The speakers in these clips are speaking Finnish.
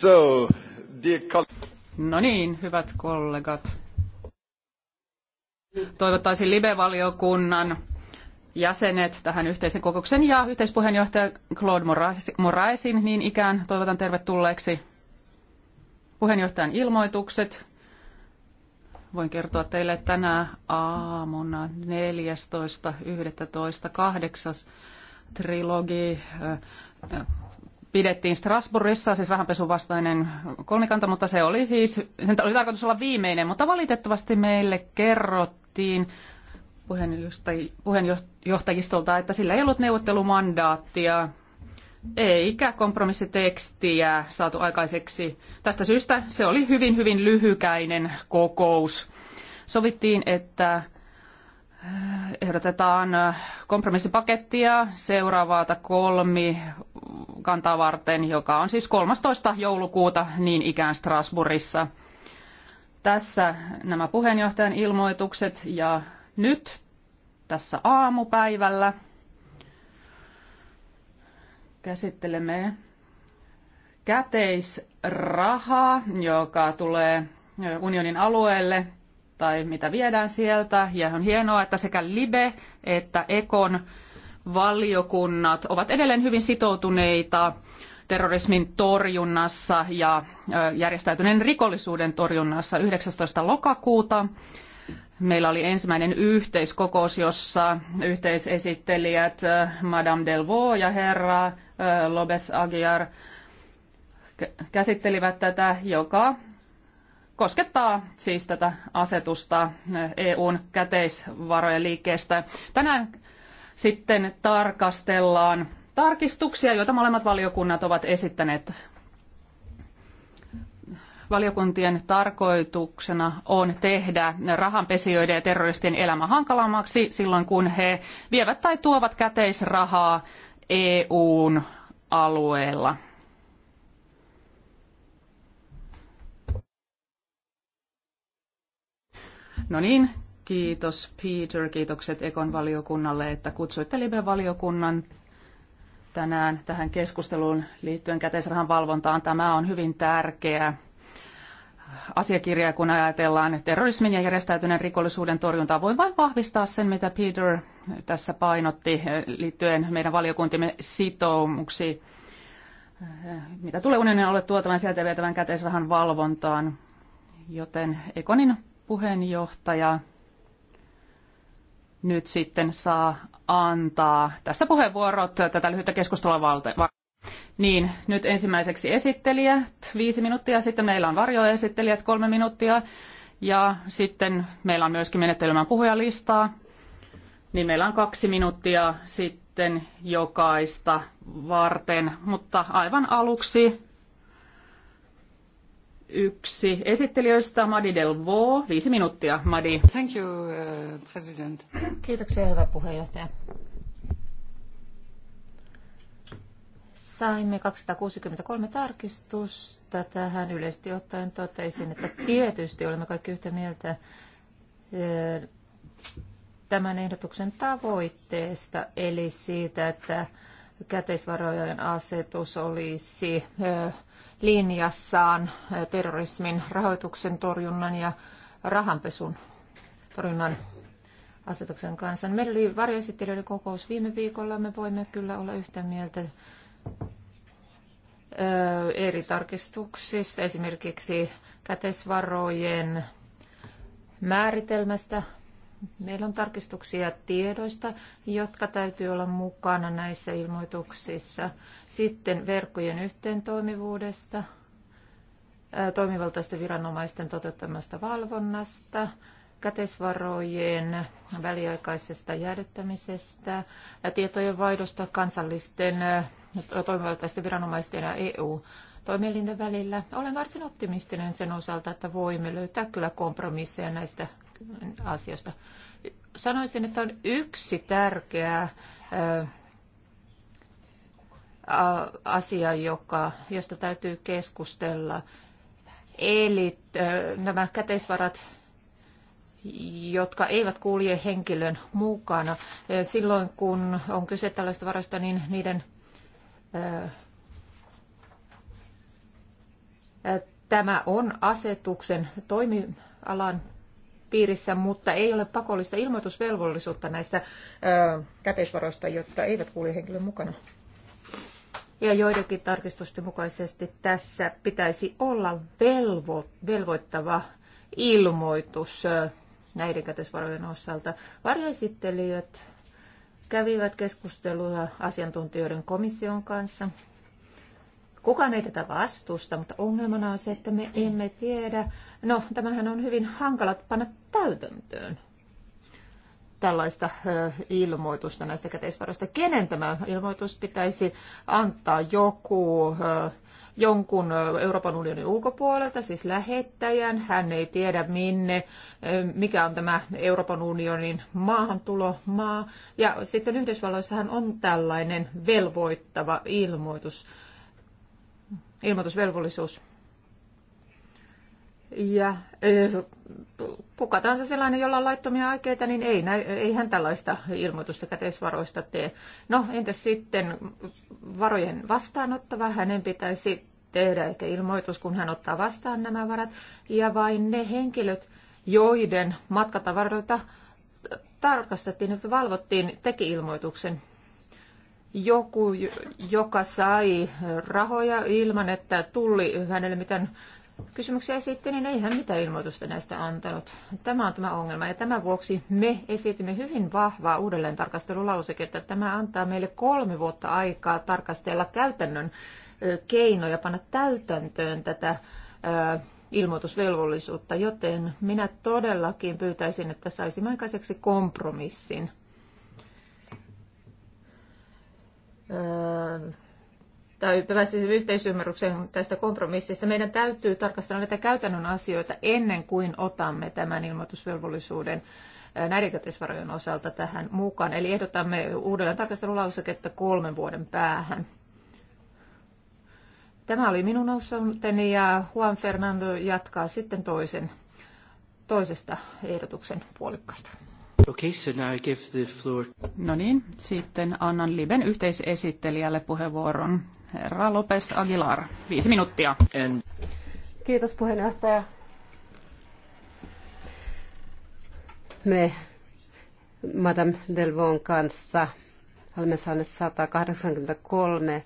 So, dear no niin, hyvät kollegat. Toivottaisin live-valiokunnan jäsenet tähän yhteisen kokouksen ja yhteispuheenjohtaja Claude Moraesin niin ikään toivotan tervetulleeksi puheenjohtajan ilmoitukset. Voin kertoa teille tänä aamuna 14.11.8. trilogi pidettiin Strasbourgissa, siis rahanpesun vastainen kolmikanta, mutta se oli siis, sen oli tarkoitus olla viimeinen, mutta valitettavasti meille kerrottiin puheenjohtajistolta, että sillä ei ollut neuvottelumandaattia eikä kompromissitekstiä saatu aikaiseksi. Tästä syystä se oli hyvin, hyvin lyhykäinen kokous. Sovittiin, että eh, ehdotetaan eh, kompromissipakettia, seuraavaa kolmi kantaa varten, joka on siis 13. joulukuuta niin ikään Strasbourgissa. Tässä nämä puheenjohtajan ilmoitukset ja nyt tässä aamupäivällä käsittelemme käteisrahaa, joka tulee unionin alueelle tai mitä viedään sieltä. Ja on hienoa, että sekä Libe että Ekon valiokunnat ovat edelleen hyvin sitoutuneita terrorismin torjunnassa ja järjestäytyneen rikollisuuden torjunnassa 19. lokakuuta. Meillä oli ensimmäinen yhteiskokous, jossa yhteisesittelijät Madame Delvaux ja herra Lobes Aguiar käsittelivät tätä, joka koskettaa siis tätä asetusta EUn käteisvarojen liikkeestä. Tänään sitten tarkastellaan tarkistuksia, joita molemmat valiokunnat ovat esittäneet. Valiokuntien tarkoituksena on tehdä rahanpesijöiden ja terroristien elämä hankalammaksi silloin, kun he vievät tai tuovat käteisrahaa EUn alueella. No niin, Kiitos Peter, kiitokset Ekon valiokunnalle, että kutsuitte Libe-valiokunnan tänään tähän keskusteluun liittyen käteisrahan valvontaan. Tämä on hyvin tärkeä asiakirja, kun ajatellaan terrorismin ja järjestäytyneen rikollisuuden torjuntaa. Voin vain vahvistaa sen, mitä Peter tässä painotti liittyen meidän valiokuntimme sitoumuksiin. Mitä tulee unionin alle tuotavan sieltä vietävän käteisrahan valvontaan, joten Ekonin puheenjohtaja nyt sitten saa antaa tässä puheenvuorot tätä lyhyttä keskustelua valta. Niin, nyt ensimmäiseksi esittelijät viisi minuuttia, sitten meillä on varjoesittelijät kolme minuuttia ja sitten meillä on myöskin menettelemään puhujalistaa. Niin meillä on kaksi minuuttia sitten jokaista varten, mutta aivan aluksi yksi esittelijöistä, Madi Delvo. Viisi minuuttia, Madi. Thank you, uh, president. Kiitoksia, hyvä puheenjohtaja. Saimme 263 tarkistusta tähän. Yleisesti ottaen totesin, että tietysti olemme kaikki yhtä mieltä eh, tämän ehdotuksen tavoitteesta, eli siitä, että käteisvarojen asetus olisi linjassaan terrorismin rahoituksen torjunnan ja rahanpesun torjunnan asetuksen kanssa. Meillä oli varjoesittelijöiden kokous viime viikolla. Me voimme kyllä olla yhtä mieltä eri tarkistuksista, esimerkiksi käteisvarojen määritelmästä Meillä on tarkistuksia tiedoista, jotka täytyy olla mukana näissä ilmoituksissa. Sitten verkkojen yhteentoimivuudesta, toimivaltaisten viranomaisten toteuttamasta valvonnasta, käteisvarojen väliaikaisesta jäädyttämisestä, tietojen vaihdosta kansallisten toimivaltaisten viranomaisten ja EU toimielinten välillä. Olen varsin optimistinen sen osalta, että voimme löytää kyllä kompromisseja näistä asioista. Sanoisin, että on yksi tärkeä asia, joka, josta täytyy keskustella. Eli nämä käteisvarat jotka eivät kulje henkilön mukana. Silloin kun on kyse tällaista varasta, niin niiden tämä on asetuksen toimialan piirissä, mutta ei ole pakollista ilmoitusvelvollisuutta näistä ö, käteisvaroista, jotta eivät kuulu henkilön mukana. Ja joidenkin tarkistusten mukaisesti tässä pitäisi olla velvo, velvoittava ilmoitus näiden käteisvarojen osalta. Varjoesittelijät kävivät keskustelua asiantuntijoiden komission kanssa Kukaan ei tätä vastusta, mutta ongelmana on se, että me emme tiedä. No, tämähän on hyvin hankala panna täytäntöön tällaista ilmoitusta näistä käteisvaroista. Kenen tämä ilmoitus pitäisi antaa joku jonkun Euroopan unionin ulkopuolelta, siis lähettäjän. Hän ei tiedä minne, mikä on tämä Euroopan unionin maahantulomaa. Ja sitten Yhdysvalloissahan on tällainen velvoittava ilmoitus ilmoitusvelvollisuus. Ja kuka tahansa sellainen, jolla on laittomia aikeita, niin ei, ei hän tällaista ilmoitusta käteisvaroista tee. No entäs sitten varojen vastaanottava, hänen pitäisi tehdä ehkä ilmoitus, kun hän ottaa vastaan nämä varat. Ja vain ne henkilöt, joiden matkatavaroita tarkastettiin, että valvottiin, teki ilmoituksen joku, joka sai rahoja ilman, että tulli hänelle mitään kysymyksiä esitti, niin ei hän mitään ilmoitusta näistä antanut. Tämä on tämä ongelma ja tämän vuoksi me esitimme hyvin vahvaa uudelleentarkastelulauseketta. Tämä antaa meille kolme vuotta aikaa tarkastella käytännön keinoja panna täytäntöön tätä ilmoitusvelvollisuutta, joten minä todellakin pyytäisin, että saisimme aikaiseksi kompromissin tai pääsisimme yhteisymmärrykseen tästä kompromissista. Meidän täytyy tarkastella näitä käytännön asioita ennen kuin otamme tämän ilmoitusvelvollisuuden näiden osalta tähän mukaan. Eli ehdotamme uudelleen tarkastelulauseketta kolmen vuoden päähän. Tämä oli minun osuuteni ja Juan Fernando jatkaa sitten toisen, toisesta ehdotuksen puolikkaasta. Okay, so now I give the floor. No niin, sitten annan Liben yhteisesittelijälle puheenvuoron. Herra Lopes Aguilar, viisi minuuttia. And... Kiitos puheenjohtaja. Me Madame Delvon kanssa olemme saaneet 183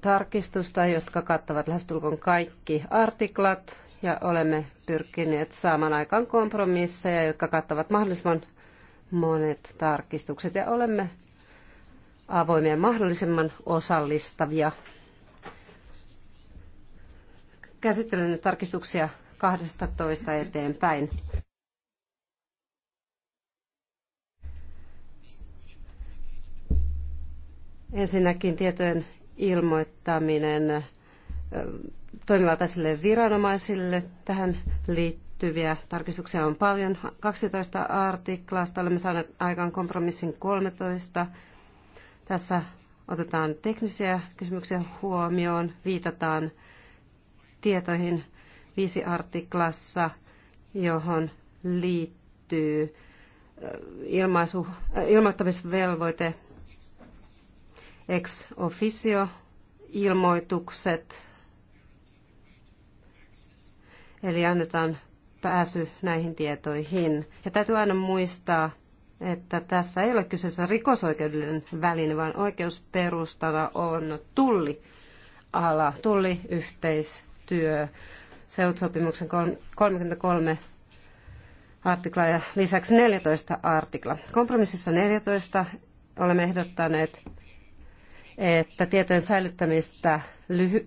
tarkistusta, jotka kattavat lähestulkoon kaikki artiklat ja olemme pyrkineet saamaan aikaan kompromisseja, jotka kattavat mahdollisimman monet tarkistukset ja olemme avoimia mahdollisimman osallistavia. Käsittelen nyt tarkistuksia 12 eteenpäin. Ensinnäkin tietojen ilmoittaminen toimivaltaisille viranomaisille. Tähän liittyviä tarkistuksia on paljon. 12 artiklasta olemme saaneet aikaan kompromissin 13. Tässä otetaan teknisiä kysymyksiä huomioon, viitataan tietoihin viisi artiklassa, johon liittyy ilmaisu, ilmoittamisvelvoite, ex officio ilmoitukset Eli annetaan pääsy näihin tietoihin. Ja täytyy aina muistaa, että tässä ei ole kyseessä rikosoikeudellinen väline, vaan oikeusperustana on tulliala, tulliyhteistyö, seutsopimuksen 33 artikla ja lisäksi 14 artikla. Kompromississa 14 olemme ehdottaneet, että tietojen säilyttämistä lyhy-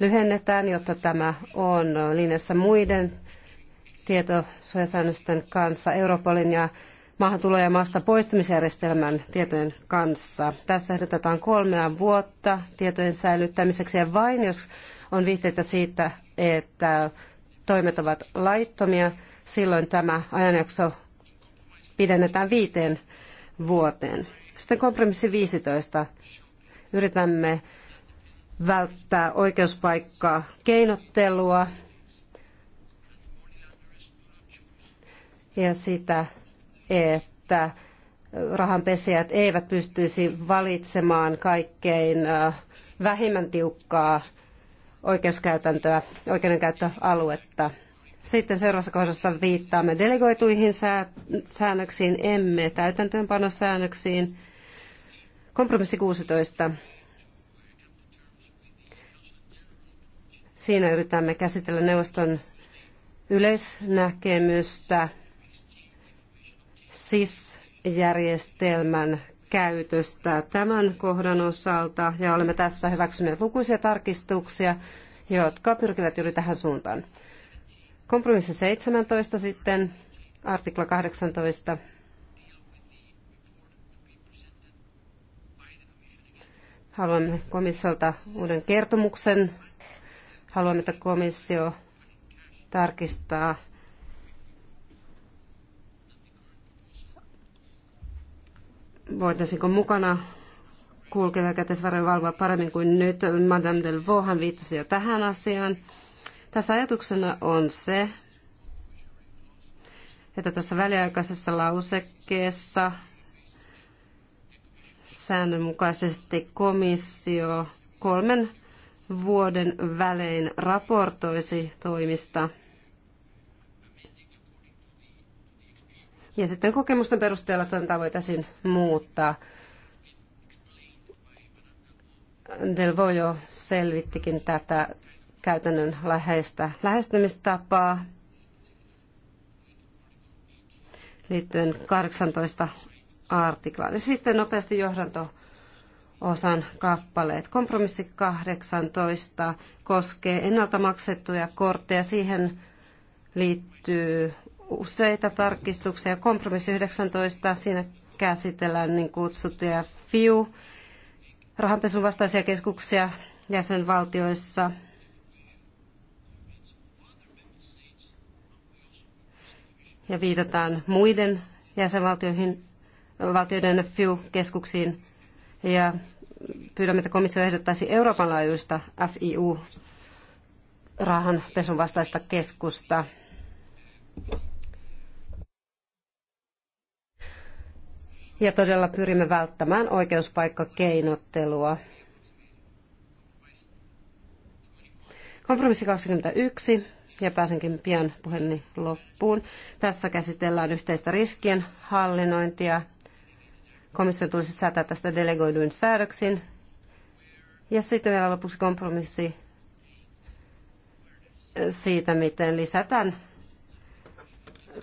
lyhennetään, jotta tämä on linjassa muiden tietosuojasäännösten kanssa, Europolin ja maahantulo- ja maasta poistumisjärjestelmän tietojen kanssa. Tässä ehdotetaan kolmea vuotta tietojen säilyttämiseksi ja vain jos on viitteitä siitä, että toimet ovat laittomia, silloin tämä ajanjakso pidennetään viiteen vuoteen. Sitten kompromissi 15. Yritämme välttää oikeuspaikkaa keinottelua ja sitä, että rahanpesijät eivät pystyisi valitsemaan kaikkein vähimmän tiukkaa oikeuskäytäntöä, oikeudenkäyttöaluetta. Sitten seuraavassa kohdassa viittaamme delegoituihin säännöksiin, emme täytäntöönpanosäännöksiin. Kompromissi 16. Siinä yritämme käsitellä neuvoston yleisnäkemystä SIS-järjestelmän käytöstä tämän kohdan osalta ja olemme tässä hyväksyneet lukuisia tarkistuksia, jotka pyrkivät juuri tähän suuntaan. Kompromissi 17 sitten, artikla 18. Haluamme komissiolta uuden kertomuksen Haluamme, että komissio tarkistaa voitaisiinko mukana kulkevia käteisvaroja valvoa paremmin kuin nyt. Madame Delvauhan viittasi jo tähän asiaan. Tässä ajatuksena on se, että tässä väliaikaisessa lausekkeessa säännönmukaisesti komissio kolmen vuoden välein raportoisi toimista. Ja sitten kokemusten perusteella toimintaa voitaisiin muuttaa. Del Vojo selvittikin tätä käytännön läheistä lähestymistapaa liittyen 18 artiklaan. Sitten nopeasti johdanto osan kappaleet. Kompromissi 18 koskee ennalta maksettuja kortteja. Siihen liittyy useita tarkistuksia. Kompromissi 19, siinä käsitellään niin kutsuttuja FIU, rahanpesun vastaisia keskuksia jäsenvaltioissa. Ja viitataan muiden jäsenvaltioiden FIU-keskuksiin. Ja pyydämme, että komissio ehdottaisi Euroopan laajuista FIU rahanpesun vastaista keskusta. Ja todella pyrimme välttämään oikeuspaikkakeinottelua. Kompromissi 21, ja pääsenkin pian puheeni loppuun. Tässä käsitellään yhteistä riskien hallinnointia, Komissio tulisi säätää tästä delegoiduin säädöksin. Ja sitten vielä lopuksi kompromissi siitä, miten lisätään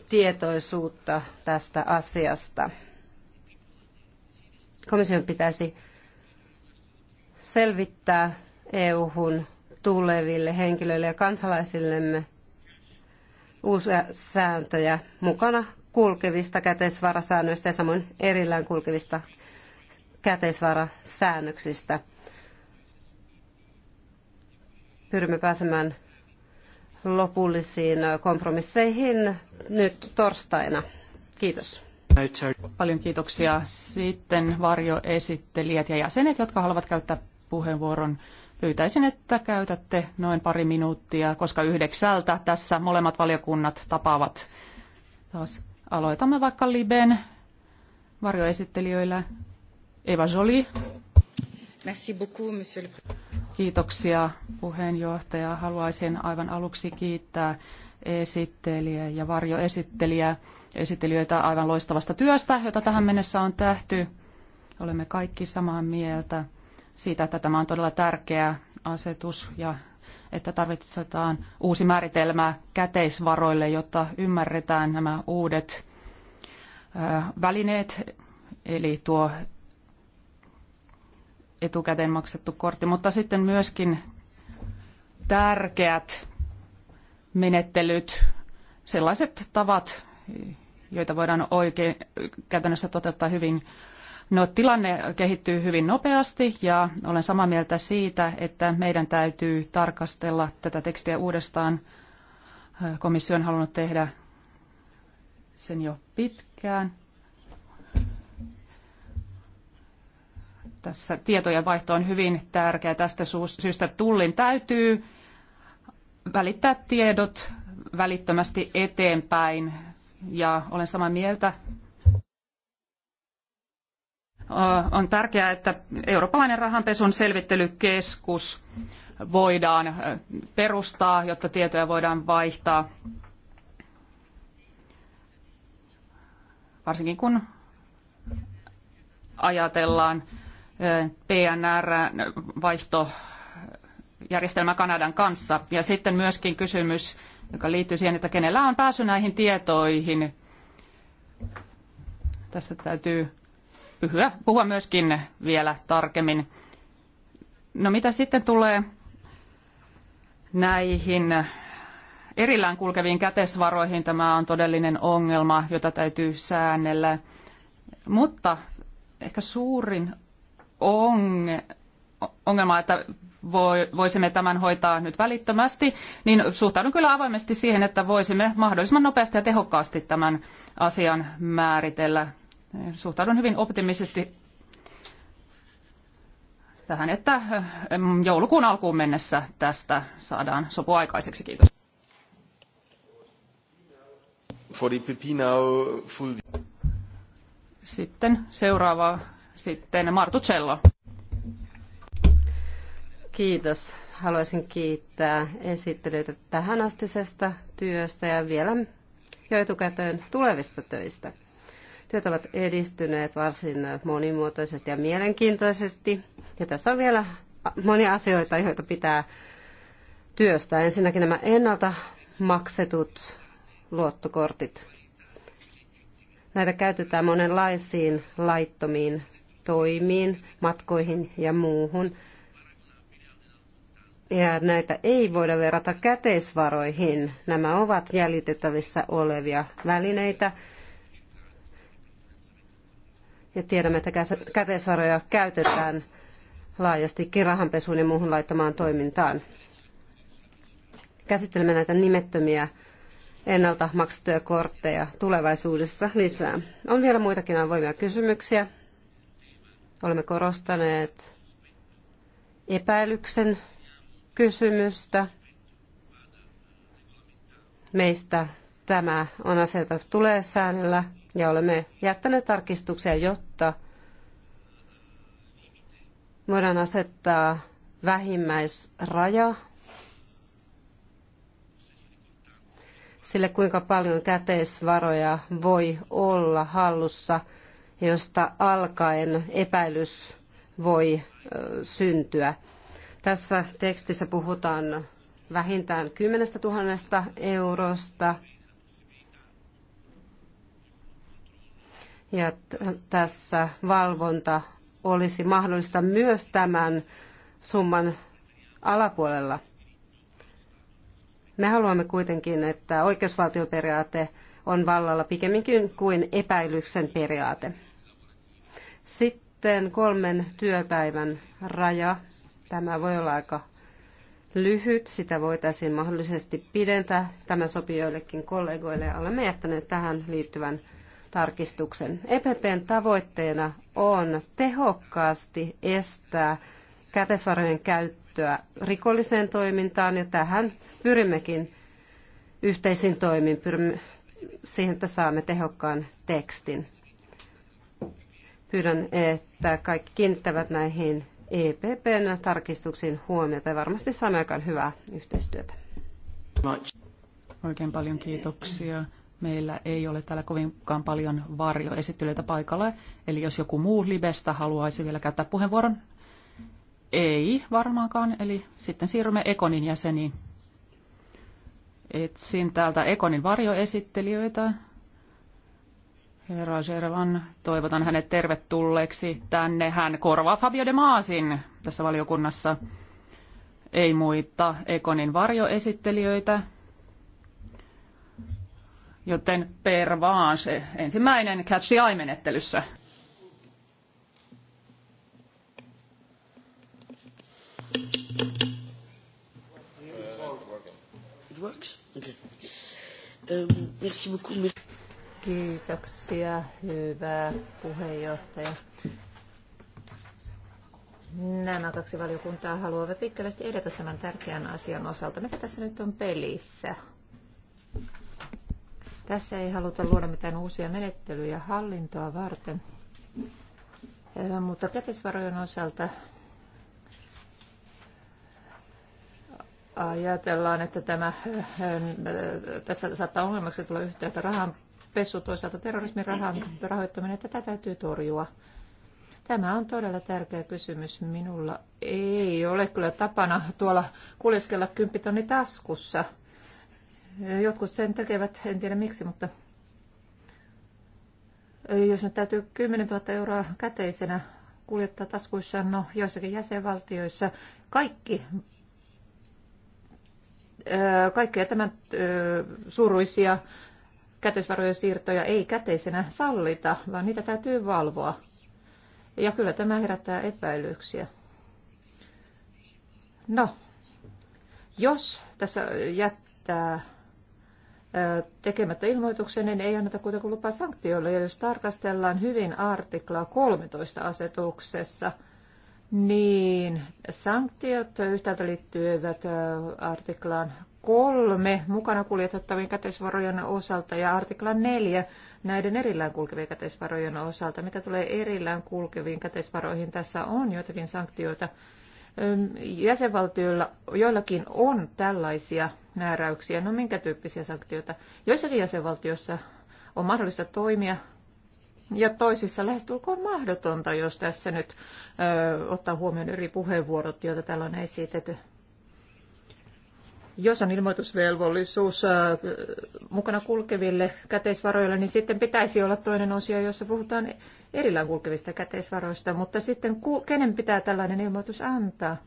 tietoisuutta tästä asiasta. Komission pitäisi selvittää EU-hun tuleville henkilöille ja kansalaisillemme uusia sääntöjä mukana kulkevista käteisvarasäännöistä ja samoin erillään kulkevista käteisvarasäännöksistä. Pyrimme pääsemään lopullisiin kompromisseihin nyt torstaina. Kiitos. Paljon kiitoksia. Sitten varjoesittelijät ja jäsenet, jotka haluavat käyttää puheenvuoron. Pyytäisin, että käytätte noin pari minuuttia, koska yhdeksältä tässä molemmat valiokunnat tapaavat taas Aloitamme vaikka Liben varjoesittelijöillä. Eva Jolie. Merci beaucoup, monsieur le... Kiitoksia puheenjohtaja. Haluaisin aivan aluksi kiittää esittelijä ja varjoesittelijä esittelijöitä aivan loistavasta työstä, jota tähän mennessä on tähty. Olemme kaikki samaa mieltä siitä, että tämä on todella tärkeä asetus ja että tarvitsetaan uusi määritelmä käteisvaroille, jotta ymmärretään nämä uudet välineet, eli tuo etukäteen maksettu kortti, mutta sitten myöskin tärkeät menettelyt, sellaiset tavat, joita voidaan oikein käytännössä toteuttaa hyvin No, tilanne kehittyy hyvin nopeasti ja olen samaa mieltä siitä, että meidän täytyy tarkastella tätä tekstiä uudestaan. Komissio on halunnut tehdä sen jo pitkään. Tässä tietojen vaihto on hyvin tärkeä. Tästä syystä tullin täytyy välittää tiedot välittömästi eteenpäin. Ja olen samaa mieltä on tärkeää, että eurooppalainen rahanpesun selvittelykeskus voidaan perustaa, jotta tietoja voidaan vaihtaa, varsinkin kun ajatellaan PNR-vaihtojärjestelmä Kanadan kanssa. Ja sitten myöskin kysymys, joka liittyy siihen, että kenellä on pääsy näihin tietoihin. Tästä täytyy pyhyä, puhua myöskin vielä tarkemmin. No mitä sitten tulee näihin erillään kulkeviin kätesvaroihin, tämä on todellinen ongelma, jota täytyy säännellä. Mutta ehkä suurin ongelma, että voisimme tämän hoitaa nyt välittömästi, niin suhtaudun kyllä avoimesti siihen, että voisimme mahdollisimman nopeasti ja tehokkaasti tämän asian määritellä suhtaudun hyvin optimistisesti tähän, että joulukuun alkuun mennessä tästä saadaan sopu aikaiseksi. Kiitos. Sitten seuraava, sitten Martu Cello. Kiitos. Haluaisin kiittää esittelyitä tähänastisesta työstä ja vielä jo etukäteen tulevista töistä. Työt ovat edistyneet varsin monimuotoisesti ja mielenkiintoisesti. Ja tässä on vielä monia asioita, joita pitää työstää. Ensinnäkin nämä ennalta maksetut luottokortit. Näitä käytetään monenlaisiin laittomiin toimiin, matkoihin ja muuhun. Ja näitä ei voida verrata käteisvaroihin. Nämä ovat jäljitettävissä olevia välineitä ja tiedämme, että käteisvaroja käytetään laajasti rahanpesuun ja muuhun laittamaan toimintaan. Käsittelemme näitä nimettömiä ennalta maksettuja kortteja tulevaisuudessa lisää. On vielä muitakin avoimia kysymyksiä. Olemme korostaneet epäilyksen kysymystä. Meistä tämä on asia, jota tulee säännellä ja olemme jättäneet tarkistuksia, jotta voidaan asettaa vähimmäisraja sille, kuinka paljon käteisvaroja voi olla hallussa, josta alkaen epäilys voi syntyä. Tässä tekstissä puhutaan vähintään 10 000 eurosta Ja tässä valvonta olisi mahdollista myös tämän summan alapuolella. Me haluamme kuitenkin, että oikeusvaltioperiaate on vallalla pikemminkin kuin epäilyksen periaate. Sitten kolmen työpäivän raja. Tämä voi olla aika lyhyt, sitä voitaisiin mahdollisesti pidentää. Tämä sopii joillekin kollegoille ja olemme jättäneet tähän liittyvän tarkistuksen. EPPn tavoitteena on tehokkaasti estää kätesvarojen käyttöä rikolliseen toimintaan ja tähän pyrimmekin yhteisin toimin pyrimme siihen, että saamme tehokkaan tekstin. Pyydän, että kaikki kiinnittävät näihin EPPn tarkistuksiin huomiota ja varmasti saamme aikaan hyvää yhteistyötä. Oikein paljon kiitoksia. Meillä ei ole täällä kovinkaan paljon varjoesittelyitä paikalla. Eli jos joku muu libestä haluaisi vielä käyttää puheenvuoron, ei varmaankaan. Eli sitten siirrymme Ekonin jäseniin. Etsin täältä Ekonin varjoesittelijöitä. Herra Gervan, toivotan hänet tervetulleeksi tänne. Hän korvaa Fabio de Maasin tässä valiokunnassa. Ei muita Ekonin varjoesittelijöitä. Joten per vaan se ensimmäinen catch the eye-menettelyssä. Um, Kiitoksia, hyvä puheenjohtaja. Nämä kaksi valiokuntaa haluavat pitkällisesti edetä tämän tärkeän asian osalta. Mitä tässä nyt on pelissä? Tässä ei haluta luoda mitään uusia menettelyjä hallintoa varten, eh, mutta käteisvarojen osalta ajatellaan, että tämä, eh, tässä saattaa ongelmaksi tulla rahan pesu, toisaalta terrorismin rahan, rahoittaminen, että tätä täytyy torjua. Tämä on todella tärkeä kysymys. Minulla ei ole kyllä tapana tuolla kuljeskella kymppitonni taskussa – Jotkut sen tekevät, en tiedä miksi, mutta jos nyt täytyy 10 000 euroa käteisenä kuljettaa taskuissaan, no joissakin jäsenvaltioissa kaikki kaikkia tämän suuruisia käteisvarojen siirtoja ei käteisenä sallita, vaan niitä täytyy valvoa. Ja kyllä tämä herättää epäilyksiä. No, jos tässä jättää tekemättä ilmoituksen, niin ei anneta kuitenkaan lupaa sanktioille. Ja jos tarkastellaan hyvin artiklaa 13 asetuksessa, niin sanktiot yhtäältä liittyvät artiklaan kolme mukana kuljetettavien käteisvarojen osalta ja artikla neljä näiden erillään kulkevien käteisvarojen osalta. Mitä tulee erillään kulkeviin käteisvaroihin, tässä on joitakin sanktioita. Jäsenvaltioilla joillakin on tällaisia määräyksiä. No minkä tyyppisiä sanktioita? Joissakin jäsenvaltioissa on mahdollista toimia ja toisissa lähestulkoon mahdotonta, jos tässä nyt ö, ottaa huomioon eri puheenvuorot, joita täällä on esitetty. Jos on ilmoitusvelvollisuus ö, mukana kulkeville käteisvaroille, niin sitten pitäisi olla toinen osio, jossa puhutaan erillään kulkevista käteisvaroista, mutta sitten kenen pitää tällainen ilmoitus antaa?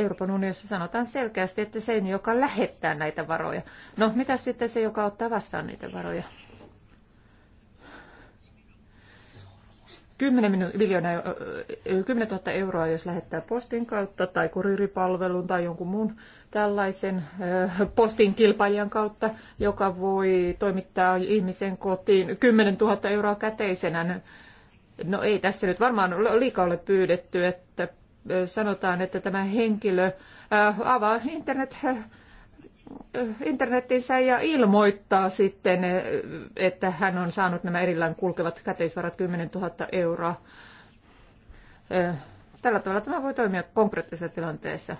Euroopan unionissa sanotaan selkeästi, että sen, joka lähettää näitä varoja. No, mitä sitten se, joka ottaa vastaan niitä varoja? 10, miljoonaa, 10 000 euroa, jos lähettää postin kautta tai kuriripalvelun tai jonkun muun tällaisen postin kilpailijan kautta, joka voi toimittaa ihmisen kotiin 10 000 euroa käteisenä. No ei tässä nyt varmaan liikaa ole pyydetty, että sanotaan, että tämä henkilö äh, avaa internet äh, internetinsä ja ilmoittaa sitten, äh, että hän on saanut nämä erillään kulkevat käteisvarat 10 000 euroa. Tällä tavalla tämä voi toimia konkreettisessa tilanteessa.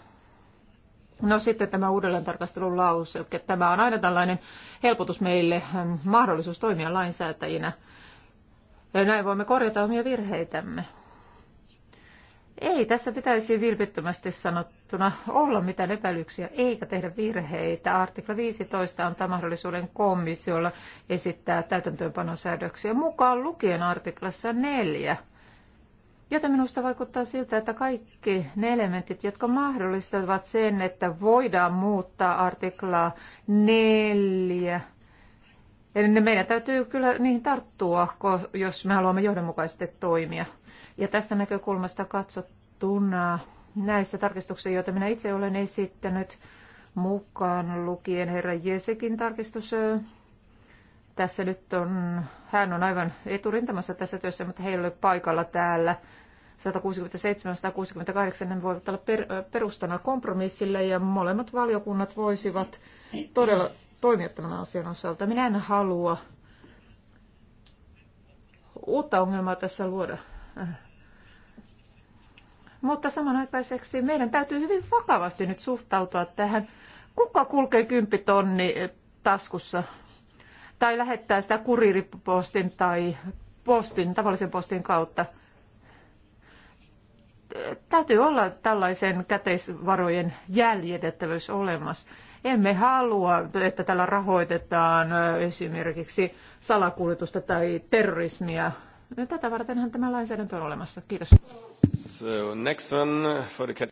No sitten tämä uudelleen tarkastelun että Tämä on aina tällainen helpotus meille, ähm, mahdollisuus toimia lainsäätäjinä. Näin voimme korjata omia virheitämme. Ei tässä pitäisi vilpittömästi sanottuna olla mitään epäilyksiä eikä tehdä virheitä. Artikla 15 antaa mahdollisuuden komissiolla esittää täytäntöönpanosäädöksiä mukaan lukien artiklassa 4. Joten minusta vaikuttaa siltä, että kaikki ne elementit, jotka mahdollistavat sen, että voidaan muuttaa artiklaa 4, Eli meidän täytyy kyllä niihin tarttua, jos me haluamme johdonmukaisesti toimia. Ja tästä näkökulmasta katsottuna näissä tarkistuksissa, joita minä itse olen esittänyt, mukaan lukien herra Jesekin tarkistus. Tässä nyt on, hän on aivan eturintamassa tässä työssä, mutta heillä ei paikalla täällä. 167-168 ne voivat olla per, perustana kompromissille ja molemmat valiokunnat voisivat todella toimia tämän asian osalta. Minä en halua uutta ongelmaa tässä luoda mutta samanaikaiseksi meidän täytyy hyvin vakavasti nyt suhtautua tähän. Kuka kulkee kymppitonni eh, taskussa? Tai lähettää sitä kuriripostin tai postin, tavallisen postin kautta. Täytyy olla tällaisen käteisvarojen jäljitettävyys olemassa. Emme halua, että tällä rahoitetaan eh, esimerkiksi salakuljetusta tai terrorismia No, tätä vartenhan tämä lainsäädäntö on olemassa. Kiitos. So, next one for the...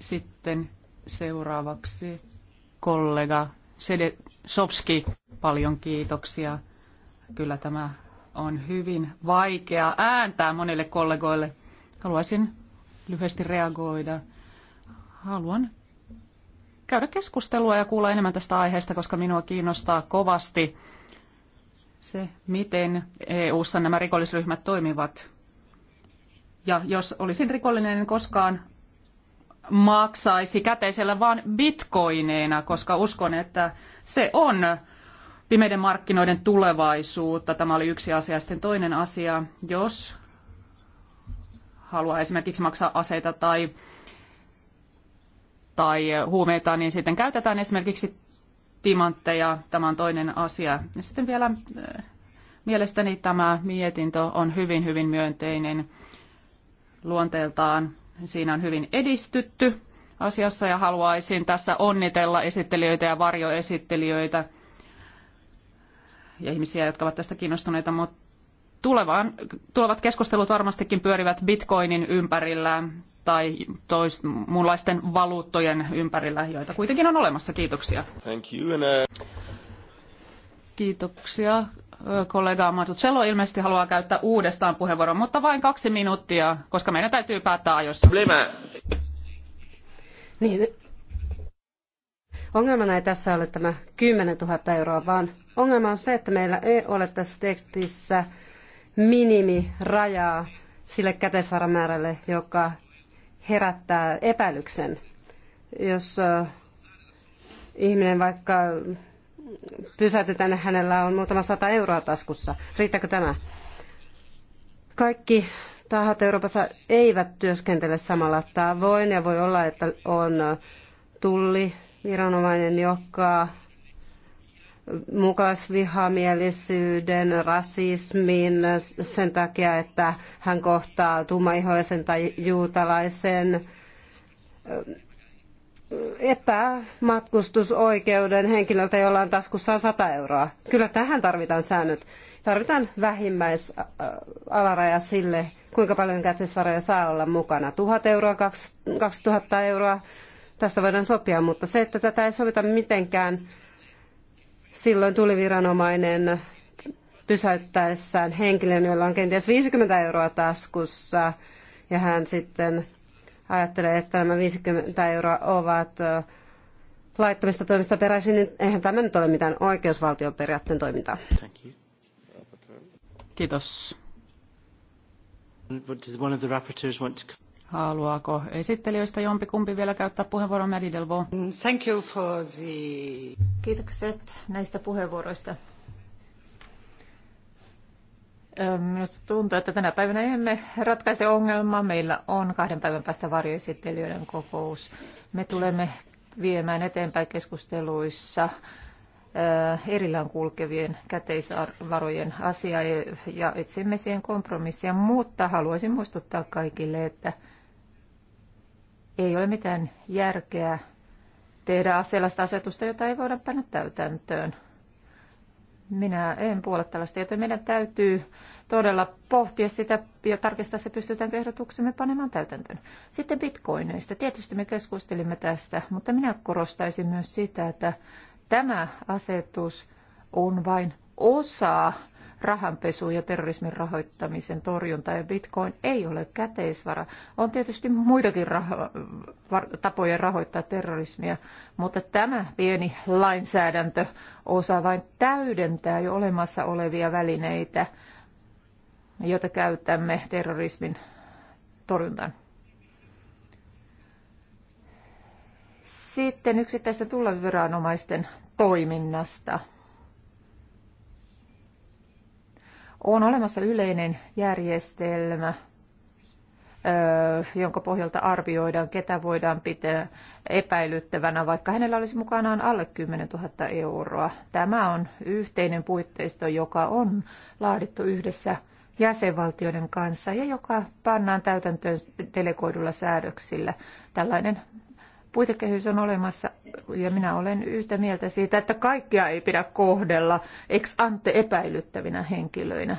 Sitten seuraavaksi kollega Sopski Paljon kiitoksia. Kyllä tämä on hyvin vaikea ääntää monille kollegoille. Haluaisin lyhyesti reagoida. Haluan käydä keskustelua ja kuulla enemmän tästä aiheesta, koska minua kiinnostaa kovasti se, miten EU-ssa nämä rikollisryhmät toimivat. Ja jos olisin rikollinen, en koskaan maksaisi käteisellä vaan bitcoineina, koska uskon, että se on pimeiden markkinoiden tulevaisuutta. Tämä oli yksi asia. Sitten toinen asia, jos haluaa esimerkiksi maksaa aseita tai, tai huumeita, niin sitten käytetään esimerkiksi timantteja. Tämä on toinen asia. Ja sitten vielä äh, mielestäni tämä mietintö on hyvin, hyvin myönteinen luonteeltaan. Siinä on hyvin edistytty asiassa ja haluaisin tässä onnitella esittelijöitä ja varjoesittelijöitä ja ihmisiä, jotka ovat tästä kiinnostuneita, mutta Tulevaan, tulevat keskustelut varmastikin pyörivät bitcoinin ympärillä tai tois, muunlaisten valuuttojen ympärillä, joita kuitenkin on olemassa. Kiitoksia. Thank you and, uh... Kiitoksia. Kollega Martuccello ilmeisesti haluaa käyttää uudestaan puheenvuoron, mutta vain kaksi minuuttia, koska meidän täytyy päättää ajoissa. Problema. Niin. Ongelmana ei tässä ole tämä 10 000 euroa, vaan ongelma on se, että meillä ei ole tässä tekstissä minimirajaa sille käteisvaramäärälle, joka herättää epäilyksen. Jos ihminen vaikka pysäytetään, hänellä on muutama sata euroa taskussa. Riittääkö tämä? Kaikki tahot Euroopassa eivät työskentele samalla tavoin ja voi olla, että on tulliviranomainen, joka mukalaisvihamielisyyden, rasismin sen takia, että hän kohtaa tummaihoisen tai juutalaisen epämatkustusoikeuden henkilöltä, jolla on taskussaan 100 euroa. Kyllä tähän tarvitaan säännöt. Tarvitaan vähimmäisalaraja sille, kuinka paljon käteisvaroja saa olla mukana. 1000 euroa, 2000 euroa, tästä voidaan sopia, mutta se, että tätä ei sovita mitenkään silloin tuli viranomainen pysäyttäessään henkilön, jolla on kenties 50 euroa taskussa, ja hän sitten ajattelee, että nämä 50 euroa ovat laittomista toimista peräisin, niin eihän tämä nyt ole mitään oikeusvaltioperiaatteen toimintaa. Kiitos. Does one of the rapporteurs want to... Haluaako esittelijöistä jompikumpi vielä käyttää puheenvuoron? Mädi Thank you for the... Kiitokset näistä puheenvuoroista. Minusta tuntuu, että tänä päivänä emme ratkaise ongelmaa. Meillä on kahden päivän päästä varjoesittelijöiden kokous. Me tulemme viemään eteenpäin keskusteluissa erillään kulkevien käteisvarojen asiaa ja etsimme siihen kompromissia, mutta haluaisin muistuttaa kaikille, että ei ole mitään järkeä tehdä sellaista asetusta, jota ei voida panna täytäntöön. Minä en puole tällaista, joten meidän täytyy todella pohtia sitä ja tarkistaa se, pystytäänkö ehdotuksemme panemaan täytäntöön. Sitten bitcoineista. Tietysti me keskustelimme tästä, mutta minä korostaisin myös sitä, että tämä asetus on vain osa rahanpesu ja terrorismin rahoittamisen torjunta ja bitcoin ei ole käteisvara. On tietysti muitakin tapoja rahoittaa terrorismia, mutta tämä pieni osaa vain täydentää jo olemassa olevia välineitä, joita käytämme terrorismin torjuntaan. Sitten yksittäisten tulliviranomaisten toiminnasta. On olemassa yleinen järjestelmä, jonka pohjalta arvioidaan, ketä voidaan pitää epäilyttävänä, vaikka hänellä olisi mukanaan alle 10 000 euroa. Tämä on yhteinen puitteisto, joka on laadittu yhdessä jäsenvaltioiden kanssa ja joka pannaan täytäntöön delegoidulla säädöksillä. Tällainen puitekehys on olemassa ja minä olen yhtä mieltä siitä, että kaikkia ei pidä kohdella ex ante epäilyttävinä henkilöinä.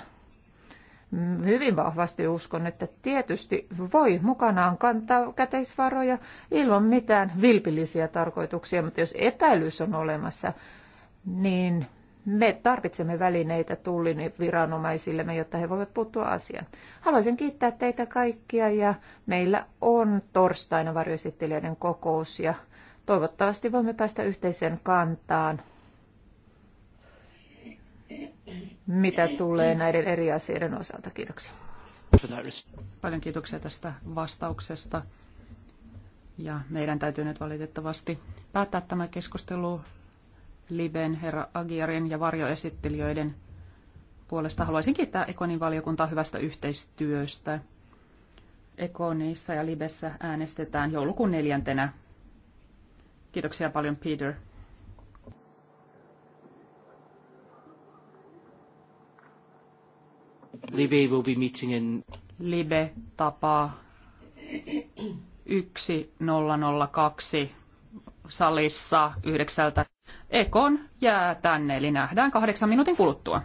Hyvin vahvasti uskon, että tietysti voi mukanaan kantaa käteisvaroja ilman mitään vilpillisiä tarkoituksia, mutta jos epäilys on olemassa, niin me tarvitsemme välineitä tullin me jotta he voivat puuttua asiaan. Haluaisin kiittää teitä kaikkia ja meillä on torstaina varjoesittelijöiden kokous ja toivottavasti voimme päästä yhteiseen kantaan, mitä tulee näiden eri asioiden osalta. Kiitoksia. Paljon kiitoksia tästä vastauksesta. Ja meidän täytyy nyt valitettavasti päättää tämä keskustelu. Liben, herra Agiarin ja varjoesittelijöiden puolesta haluaisin kiittää Ekonin valiokuntaa hyvästä yhteistyöstä. Ekonissa ja Libessä äänestetään joulukuun neljäntenä. Kiitoksia paljon, Peter. Libe will be meeting in... Libe tapaa 1002 salissa yhdeksältä. Ekon jää tänne, eli nähdään kahdeksan minuutin kuluttua.